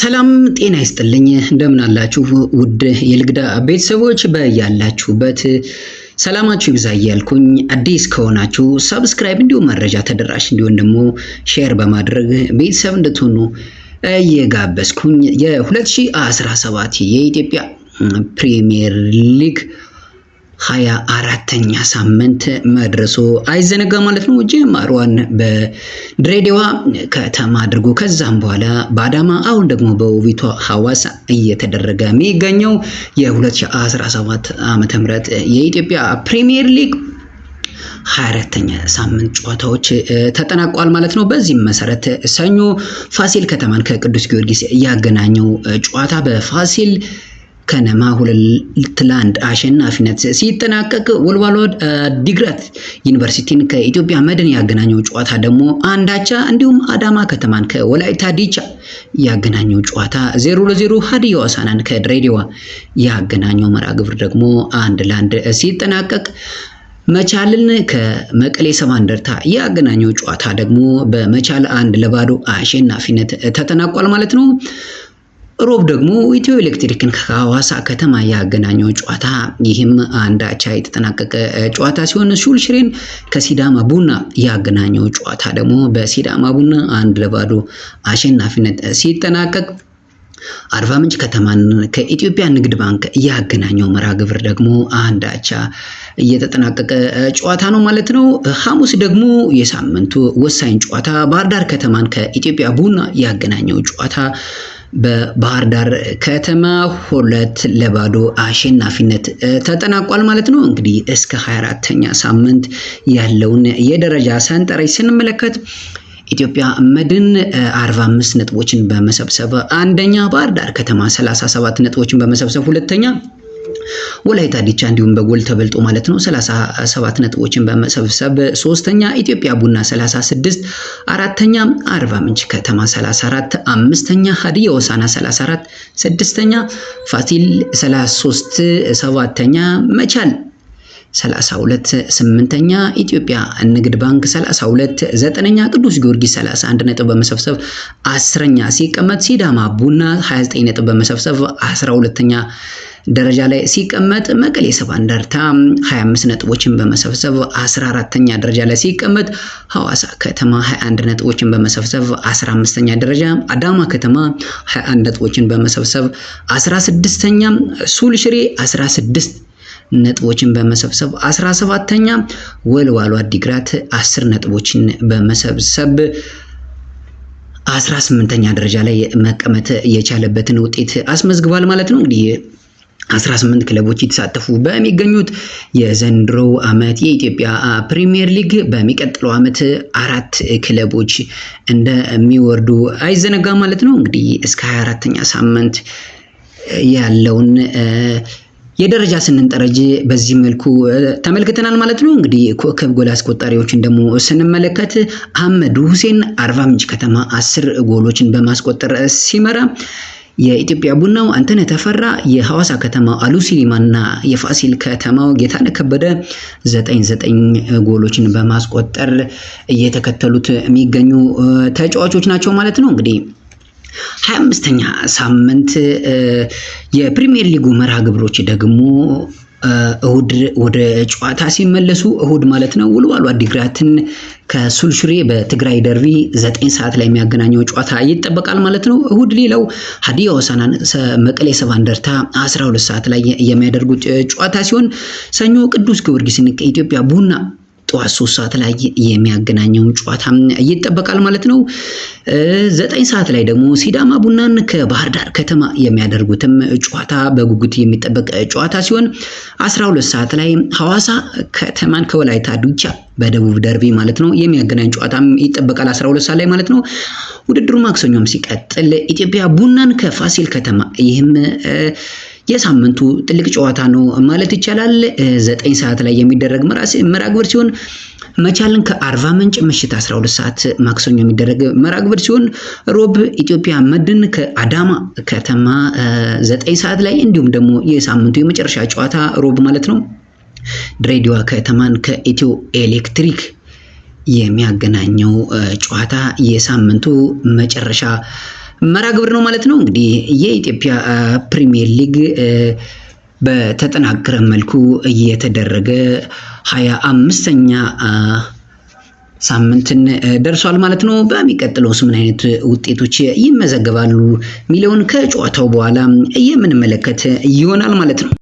ሰላም ጤና ይስጥልኝ። እንደምን አላችሁ ውድ የልግዳ ቤተሰቦች፣ በያላችሁበት ሰላማችሁ ይብዛ እያልኩኝ አዲስ ከሆናችሁ ሰብስክራይብ፣ እንዲሁም መረጃ ተደራሽ እንዲሆን ደግሞ ሼር በማድረግ ቤተሰብ እንድትሆኑ እየጋበዝኩኝ የ2017 የኢትዮጵያ ፕሪሚየር ሊግ ሀያ አራተኛ ሳምንት መድረሱ አይዘነጋ ማለት ነው። ጅማሮዋን በድሬዳዋ ከተማ አድርጎ ከዛም በኋላ በአዳማ አሁን ደግሞ በውቢቷ ሐዋሳ እየተደረገ የሚገኘው የ2017 ዓ ምህረት የኢትዮጵያ ፕሪሚየር ሊግ 24ተኛ ሳምንት ጨዋታዎች ተጠናቋል ማለት ነው። በዚህም መሰረት ሰኞ ፋሲል ከተማን ከቅዱስ ጊዮርጊስ ያገናኘው ጨዋታ በፋሲል ከነማ ሁለት ለአንድ አሸናፊነት ሲጠናቀቅ ወልዋሎ ዲግራት ዩኒቨርሲቲን ከኢትዮጵያ መድን ያገናኘው ጨዋታ ደግሞ አንዳቻ እንዲሁም አዳማ ከተማን ከወላይታ ዲቻ ያገናኘው ጨዋታ ዜሮ ለዜሮ ሀዲያ ሆሳዕናን ከድሬዳዋ ያገናኘው መርሃ ግብር ደግሞ አንድ ለአንድ ሲጠናቀቅ መቻልን ከመቀሌ ሰባ እንደርታ ያገናኘው ጨዋታ ደግሞ በመቻል አንድ ለባዶ አሸናፊነት ተጠናቋል ማለት ነው። ሮብ ደግሞ ኢትዮ ኤሌክትሪክን ከሐዋሳ ከተማ ያገናኘው ጨዋታ ይህም አንድ አቻ የተጠናቀቀ ጨዋታ ሲሆን ሹል ሽሬን ከሲዳማ ቡና ያገናኘው ጨዋታ ደግሞ በሲዳማ ቡና አንድ ለባዶ አሸናፊነት ሲጠናቀቅ አርባ ምንጭ ከተማን ከኢትዮጵያ ንግድ ባንክ ያገናኘው መርሃ ግብር ደግሞ አንድ አቻ እየተጠናቀቀ ጨዋታ ነው ማለት ነው። ሐሙስ ደግሞ የሳምንቱ ወሳኝ ጨዋታ ባህር ዳር ከተማን ከኢትዮጵያ ቡና ያገናኘው ጨዋታ በባህር ዳር ከተማ ሁለት ለባዶ አሸናፊነት ተጠናቋል ማለት ነው። እንግዲህ እስከ 24ተኛ ሳምንት ያለውን የደረጃ ሰንጠረዥ ስንመለከት ኢትዮጵያ መድን 45 ነጥቦችን በመሰብሰብ አንደኛ፣ ባህር ዳር ከተማ 37 ነጥቦችን በመሰብሰብ ሁለተኛ ወላይታ ዲቻ እንዲሁም በጎል ተበልጦ ማለት ነው 37 ነጥቦችን በመሰብሰብ ሶስተኛ፣ ኢትዮጵያ ቡና 36፣ አራተኛ አርባ ምንጭ ከተማ 34፣ አምስተኛ ሀዲያ ወሳና 34፣ ስድስተኛ ፋሲል 33፣ ሰባተኛ መቻል 32 8ኛ ኢትዮጵያ ንግድ ባንክ 32 9ኛ ቅዱስ ጊዮርጊስ 31 ነጥብ በመሰብሰብ 10ኛ ሲቀመጥ ሲዳማ ቡና 29 ነጥብ በመሰብሰብ 12ኛ ደረጃ ላይ ሲቀመጥ መቀሌ ሰባ እንደርታ 25 ነጥቦችን በመሰብሰብ 14ተኛ ደረጃ ላይ ሲቀመጥ ሐዋሳ ከተማ 21 ነጥቦችን በመሰብሰብ 15ተኛ ደረጃ፣ አዳማ ከተማ 21 ነጥቦችን በመሰብሰብ 16ተኛ፣ ሱልሽሬ 16 ነጥቦችን በመሰብሰብ 17ተኛ፣ ወልዋሎ አዲግራት 10 ነጥቦችን በመሰብሰብ 18ኛ ደረጃ ላይ መቀመጥ የቻለበትን ውጤት አስመዝግቧል ማለት ነው እንግዲህ 18 ክለቦች የተሳተፉ በሚገኙት የዘንድሮ ዓመት የኢትዮጵያ ፕሪሚየር ሊግ በሚቀጥለው ዓመት አራት ክለቦች እንደሚወርዱ አይዘነጋም ማለት ነው። እንግዲህ እስከ 24ኛ ሳምንት ያለውን የደረጃ ስንንጠረጅ በዚህ መልኩ ተመልክተናል ማለት ነው። እንግዲህ ኮከብ ጎል አስቆጣሪዎችን ደግሞ ስንመለከት አህመድ ሁሴን አርባ ምንጭ ከተማ አስር ጎሎችን በማስቆጠር ሲመራ የኢትዮጵያ ቡናው አንተነህ ተፈራ፣ የሐዋሳ ከተማው አሉ ሲሊማና የፋሲል ከተማው ጌታነህ ከበደ ዘጠኝ ዘጠኝ ጎሎችን በማስቆጠር እየተከተሉት የሚገኙ ተጫዋቾች ናቸው ማለት ነው እንግዲህ ሀያ አምስተኛ ሳምንት የፕሪሚየር ሊጉ መርሃ ግብሮች ደግሞ እሁድ ወደ ጨዋታ ሲመለሱ እሁድ ማለት ነው። ውልዋሉ አዲግራትን ከሱልሹሬ በትግራይ ደርቢ ዘጠኝ ሰዓት ላይ የሚያገናኘው ጨዋታ ይጠበቃል ማለት ነው። እሁድ ሌላው ሀዲያ ሆሳዕናን መቀሌ ሰባ እንደርታ 12 ሰዓት ላይ የሚያደርጉት ጨዋታ ሲሆን ሰኞ ቅዱስ ጊዮርጊስን ከኢትዮጵያ ቡና ጠዋት ሶስት ሰዓት ላይ የሚያገናኘውን ጨዋታ ይጠበቃል ማለት ነው። ዘጠኝ ሰዓት ላይ ደግሞ ሲዳማ ቡናን ከባህር ዳር ከተማ የሚያደርጉትም ጨዋታ በጉጉት የሚጠበቅ ጨዋታ ሲሆን አስራ ሁለት ሰዓት ላይ ሐዋሳ ከተማን ከወላይታ ዱቻ በደቡብ ደርቢ ማለት ነው የሚያገናኝ ጨዋታም ይጠበቃል 12 ሰዓት ላይ ማለት ነው። ውድድሩ ማክሰኞም ሲቀጥል ኢትዮጵያ ቡናን ከፋሲል ከተማ ይህም የሳምንቱ ትልቅ ጨዋታ ነው ማለት ይቻላል። ዘጠኝ ሰዓት ላይ የሚደረግ መራግብር ሲሆን መቻልን ከአርባ ምንጭ ምሽት 12 ሰዓት ማክሰኞ የሚደረግ መራግብር ሲሆን ሮብ ኢትዮጵያ መድን ከአዳማ ከተማ ዘጠኝ ሰዓት ላይ እንዲሁም ደግሞ የሳምንቱ የመጨረሻ ጨዋታ ሮብ ማለት ነው ድሬዳዋ ከተማን ከኢትዮ ኤሌክትሪክ የሚያገናኘው ጨዋታ የሳምንቱ መጨረሻ መራ ግብር ነው ማለት ነው። እንግዲህ የኢትዮጵያ ፕሪሚየር ሊግ በተጠናከረ መልኩ እየተደረገ ሀያ አምስተኛ ሳምንትን ደርሷል ማለት ነው። በሚቀጥለውስ ምን አይነት ውጤቶች ይመዘገባሉ የሚለውን ከጨዋታው በኋላ የምንመለከት ይሆናል ማለት ነው።